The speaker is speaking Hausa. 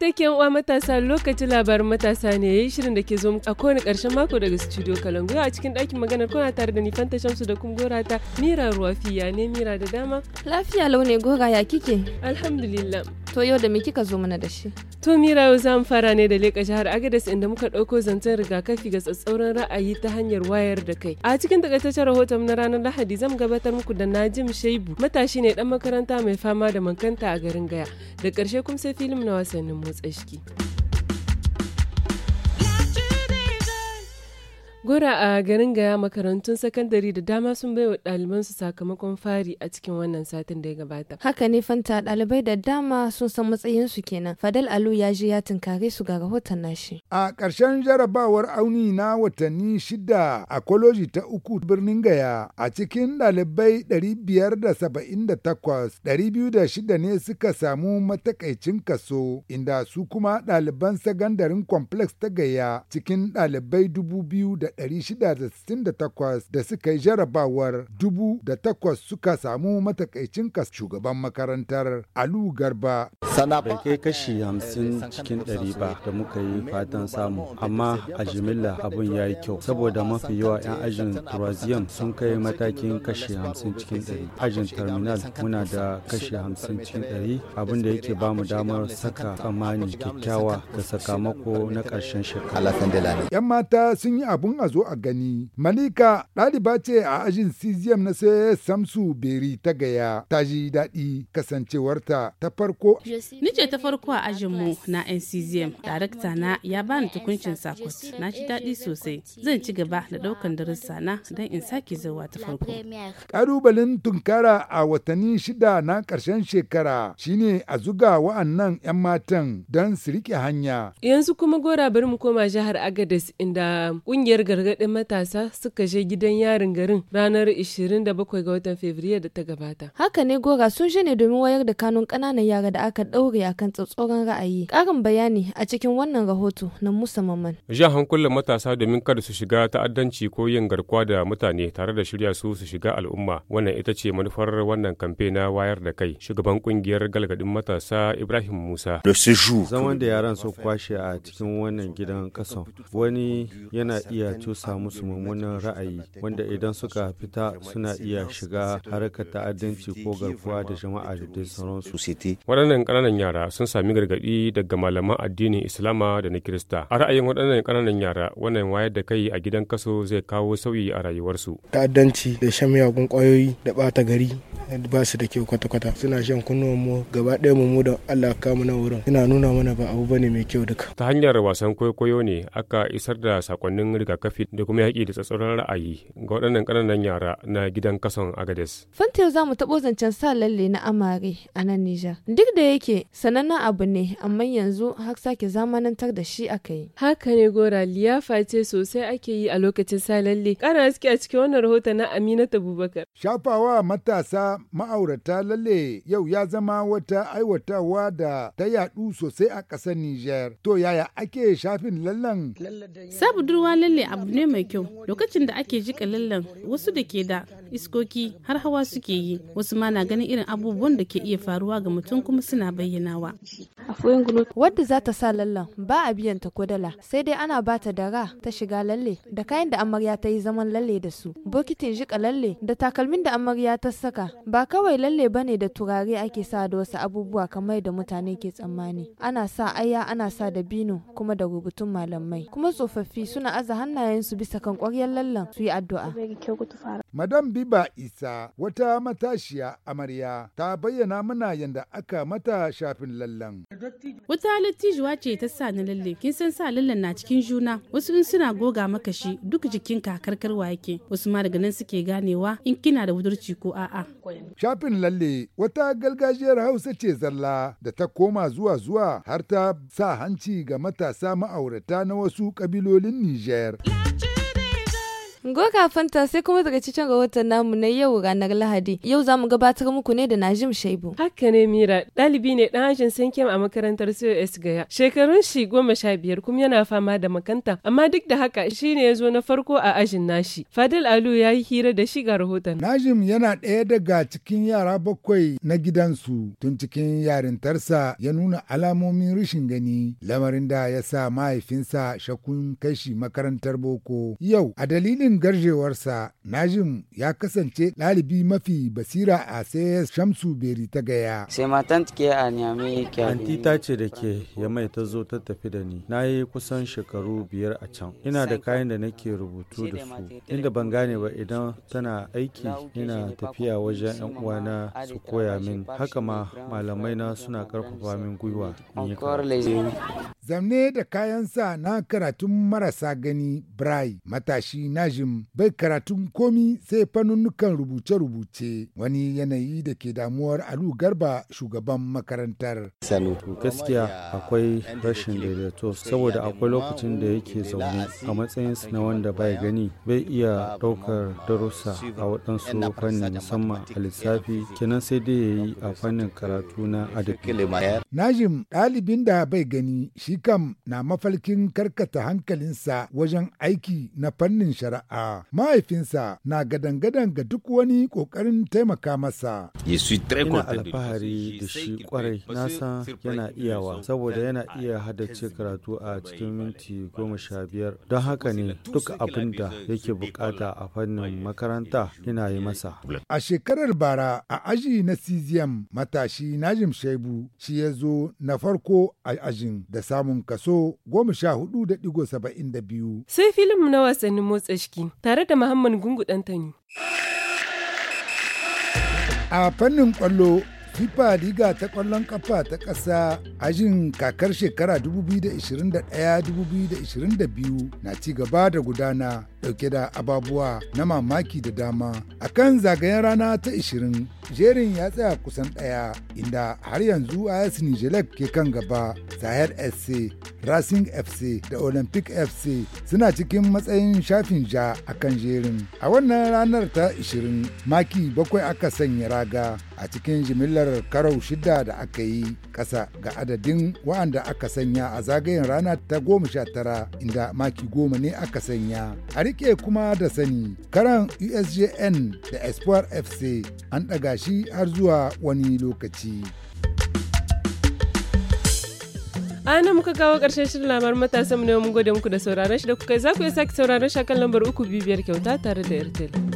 take uwa matasa lokacin labarin matasa ne ya yi shirin da ke zo a kowane karshen mako daga studio Kalangu a cikin ɗakin maganar kuna tare da ni Shamsu da kuma gora ta Mira Ruwafiya ne Mira da dama lafiya laune gora ya kike alhamdulillah To yau da me kika zo mana da shi? To Mira yau za mu fara ne da leƙa jihar Agadez inda muka ɗauko zancen rigakafi ga tsatsauran ra'ayi ta hanyar wayar da kai. A cikin takaitaccen rahoton na ranar Lahadi zan gabatar muku da Najim Shaibu matashi ne ɗan makaranta mai fama da mankanta a garin Gaya. Da ƙarshe kuma sai filim na wasannin motsa jiki. Gora a garin gaya makarantun sakandare da dama sun baiwa su sakamakon fari a cikin wannan satin da ya gabata. Haka ne fanta ɗalibai da dama sun san matsayinsu kenan. Fadal Alu ya je ya tunkare su ga rahoton nashi. A ƙarshen jarabawar auni na watanni shida a koloji ta uku birnin gaya a cikin ɗalibai 578 206 ne suka samu matakaicin kaso inda su kuma ɗaliban sagandarin complex ta gaya cikin ɗalibai dubu biyu da 668 da suka yi jarabawar dubu suka samu matakaicin kas shugaban makarantar Alu Garba. Sana bai kai kashi hamsin cikin ɗari ba da muka yi fatan samu, amma a jimilla abun ya yi kyau saboda mafi yawa 'yan ajin Turaziyam sun kai matakin kashi hamsin cikin ɗari. Ajin terminal muna da kashi hamsin cikin ɗari abin da yake bamu damar saka tsammani kyakkyawa da sakamako na ƙarshen shekara. 'Yan mata sun yi abun a zo a gani. Malika ɗaliba ce a ajin CGM na sai Samsu Beri ta gaya ta ji daɗi kasancewarta ta farko. Ni ce ta farko a ajinmu na NCGM. Darakta na ya bani tukuncin sakot. Na ji daɗi sosai. Zan ci gaba da ɗaukan darussa na don in sake zawa ta farko. Ƙalubalen tunkara a watanni shida na ƙarshen shekara shine a zuga wa'annan 'yan matan don su riƙe hanya. Yanzu kuma gora bari mu koma jihar Agadez inda ƙungiyar gargaɗin matasa suka je gidan yarin garin ranar 27 ga watan Fabrairu da ta gabata. Haka ne gora sun je ne domin wayar da kanun ƙananan yara da aka ɗaure a kan tsatsauran ra'ayi. Ƙarin bayani a cikin wannan rahoto na Musa Maman. Jan hankulan matasa domin kada su shiga ta'addanci ko yin garkuwa da mutane tare da shirya su su shiga al'umma. Wannan ita ce manufar wannan kamfe na wayar da kai. Shugaban kungiyar galgadin matasa Ibrahim Musa. Zaman da yaran su kwashe a cikin wannan gidan kasan wani yana iya samu su mummunan ra'ayi wanda idan suka fita suna iya shiga harkar ta'addanci ko garkuwa da jama'a da dai sauransu. Waɗannan ƙananan yara sun sami gargaɗi daga malaman addinin Islama da na Kirista. A ra'ayin waɗannan ƙananan yara wannan wayar da kai a gidan kaso zai kawo sauyi a rayuwarsu. Ta'addanci da shan miyagun ƙwayoyi da ɓata gari ba su da kyau kwata-kwata suna shan kunnuwan mu gaba ɗaya mu mu da Allah ka mu na wurin suna nuna mana ba abu ba ne mai kyau duka. Ta hanyar wasan kwaikwayo ne aka isar da sakonnin rigakafi rigakafi da kuma yaƙi da tsatsauran ra'ayi ga waɗannan ƙananan yara na gidan kason agades. Fanta yau za mu taɓo zancen sa lalle na amare a nan Nijar. Duk da yake sanannen abu ne amma yanzu har sake zamanantar da shi aka yi. Haka ne gora liyafa ce sosai ake yi a lokacin sa lalle. Ƙara haske a cikin wannan rahoton na Aminata Bubakar. Shafawa matasa ma'aurata lalle yau ya zama wata aiwatawa da ta yaɗu sosai a ƙasar Nijar. To yaya ake shafin lallan? sabu durwa lalle a abu ne mai kyau lokacin da ake ji kalallan wasu da ke da iskoki har hawa suke yi wasu ma na ganin irin abubuwan da ke iya faruwa ga mutum kuma suna bayyanawa wadda za ta sa lallan ba a biyan ta kodala sai dai ana ba ta dara ta shiga lalle da kayan da amarya ta yi zaman lalle da su bokitin jika lalle da takalmin da amarya ta saka ba kawai lalle ba ne da turare ake sa da wasu abubuwa kamar da mutane ke tsammani ana sa aya ana sa da bino kuma da rubutun malamai kuma tsofaffi suna aza hannaye su bisa kan ƙwaryar lallan su yi addu'a. Madam Biba Isa wata matashiya amarya ta bayyana mana yadda aka mata shafin lallan. Wata lattijuwa ce ta sa na lalle, kin san sa lallan na cikin juna, wasu in suna goga maka shi duk jikin karkarwa yake, wasu ma daga nan suke ganewa in kina da budurci ko a'a. Shafin lalle wata galgajiyar Hausa ce zalla da ta koma zuwa zuwa har ta sa hanci ga matasa ma'aurata na wasu kabilolin Nijar. Goga Fanta sai kuma daga cikin rahoton namu na yau ranar Lahadi. Yau za mu gabatar muku ne da Najim Shaibu. Haka ne Mira, ɗalibi ne ɗan ajin sankem a makarantar COS Gaya. Shekarun shi goma sha biyar kuma yana fama da makanta, amma duk da haka shi ne ya zo na farko a ajin nashi. Fadil Alu ya yi hira da shi ga rahoton. Najim yana ɗaya daga cikin yara bakwai na gidansu tun cikin yarintarsa ya nuna alamomin rashin gani lamarin da ya sa mahaifinsa shakun kashi makarantar boko. Yau a dalilin garjewarsa, Najim ya kasance ɗalibi mafi basira a CS Shamsu Beri ta gaya. Sai matan ke a niyami ke Anti ta ce da ke ya mai ta zo ta tafi da ni. Na yi kusan shekaru biyar a can. Ina da kayan da nake rubutu da su. Inda ban gane ba idan tana aiki ina tafiya wajen 'yan uwana su koya min. Haka ma malamai na suna karfafa min gwiwa. zamne da kayansa na karatun marasa gani brai matashi najim bai karatun komi sai fanunukan rubuce-rubuce wani yanayi da ke damuwar alu garba shugaban makarantar gaskiya akwai rashin daidaito saboda akwai lokacin da yake zaune a matsayin na wanda bai gani bai iya ɗaukar darussa a waɗansu fannin musamman a lissafi kenan sai dai ya yi a fannin karatu na adabi najim ɗalibin da bai gani shi kam na mafalkin karkata hankalinsa wajen aiki na fannin shari'a. Mahaifinsa na gadan-gadan ga duk wani kokarin taimaka masa. Ina alfahari da shi kwarai nasa yana iyawa saboda yana iya haddace karatu a cikin minti goma sha biyar don haka ne duk abin da yake bukata a fannin makaranta yana yi masa. A shekarar bara a aji na Cesium matashi Najim Shaibu shi ya zo na farko a ajin da samun samun kaso goma sha hudu da digo saba'in da biyu. Sai filin na wasannin motsa jiki tare da Muhammad Gungu Dantani. A fannin kwallo fifa liga ta kwallon ƙafa ta ƙasa ajin kakar shekara 2021-2022 na ci gaba da gudana ɗauke da ababuwa na mamaki da dama akan zagayen rana ta 20 jerin ya tsaya kusan ɗaya inda har yanzu as nijelek ke kan gaba zahir sc racing fc da olympic fc suna cikin matsayin shafin ja a kan jerin a wannan ranar ta 20 maki bakwai aka sanya raga a cikin jimillar karau shida da aka yi ƙasa ga adadin wa'anda aka sanya a zagayen rana ta goma sha tara inda maki goma ne aka sanya a rike kuma da sani karan usjn da espoir fc an ɗaga shi har zuwa wani lokaci a nan muka kawo ƙarshen shirin labar matasan mu ne mun gode muku da sauraron shi da kuka za ku iya sake sauraron shi lambar uku bibiyar kyauta tare da airtel